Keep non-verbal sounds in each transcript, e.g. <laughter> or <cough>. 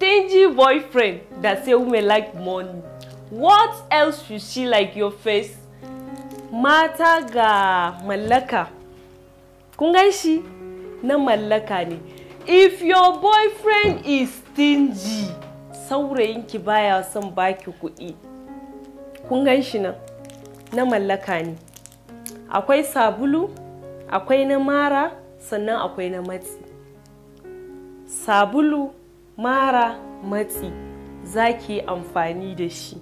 stingy boyfriend that say women like money what else you see like your face mata ga mallaka kun gan shi na mallaka ne if your boyfriend is stingy saurayinki baya son baki kuɗi kun gan shi nan na mallaka ne akwai sabulu akwai na mara sannan akwai na matsi sabulu mara matsi za ki yi amfani da shi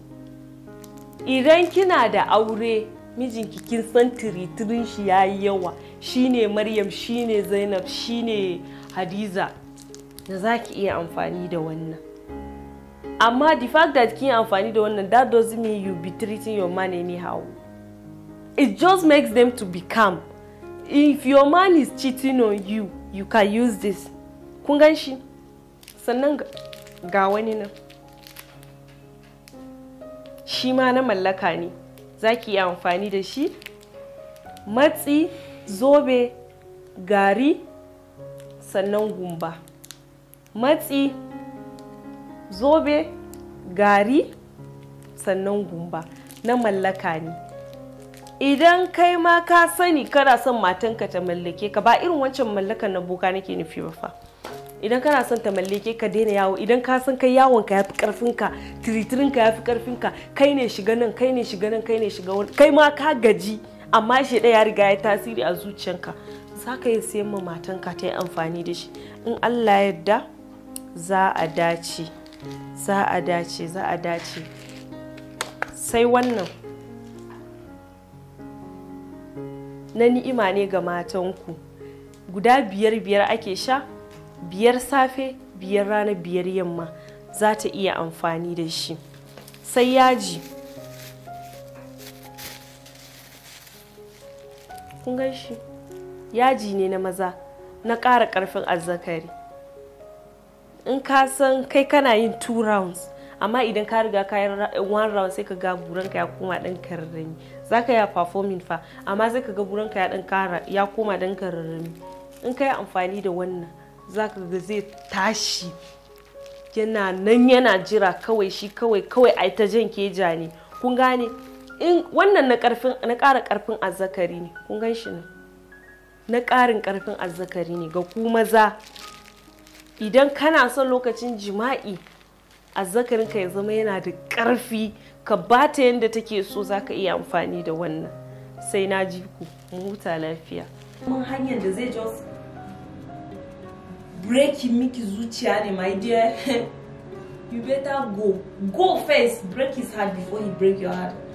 idan kina da aure mijinki kin san tiritirin shi ya yi yawa shine maryam shine zainab shine hadiza da za ki iya amfani da wannan amma the fact that kin amfani da wannan that doesn't mean you be treating your man anyhow it just makes them to be calm if your man is cheating on you you can use this kun gan shi sannan ga wani nan shi ma na mallaka ne za ki yi amfani da shi matsi zobe gari sannan gumba matsi zobe gari sannan gumba na mallaka ne idan kai ma ka sani kana son matanka ta mallake ka ba irin wancan mallaka na boka nake nufi ba fa idan kana son ta mallake ka daina yawo idan ka san kai yawon ka yafi karfin ka tiritirin ka yafi karfin ka kai ne shiga nan kai ne shiga nan kai ne shiga wani kai ma ka gaji amma shi ya riga ya tasiri a zuciyanka za ka yi sayan ma matanka ta yi amfani da shi in allah yadda za a dace za a dace za a dace sai wannan na ni'ima ne ga matanku guda biyar biyar ake sha biyar safe biyar rana biyar yamma za ta iya amfani da shi sai yaji kun gan shi yaji ne na maza na ƙara ƙarfin azzakari in ka san kai kana yin two rounds amma idan ka riga ka one round sai ka ga buranka ya koma ɗan kararrami za ka yi performing fa amma sai ka ga buranka ya koma ɗan kararrami in ka yi amfani da wannan za ka ga zai tashi yana nan yana jira kawai shi kawai kawai a ta jan keja ne kun gane wannan na ƙara ƙarfin azzakari ne kun gan shi na ƙarin ƙarfin azzakari ne ga ku maza idan kana son lokacin jima'i azzakarinka ya zama yana da ƙarfi ka bata yadda take so za ka iya amfani da wannan sai na ji ku huta lafiya. Mun hanyar da zai breaki miki zuciya ne my dear <laughs> you better go go first break his heart before he break your heart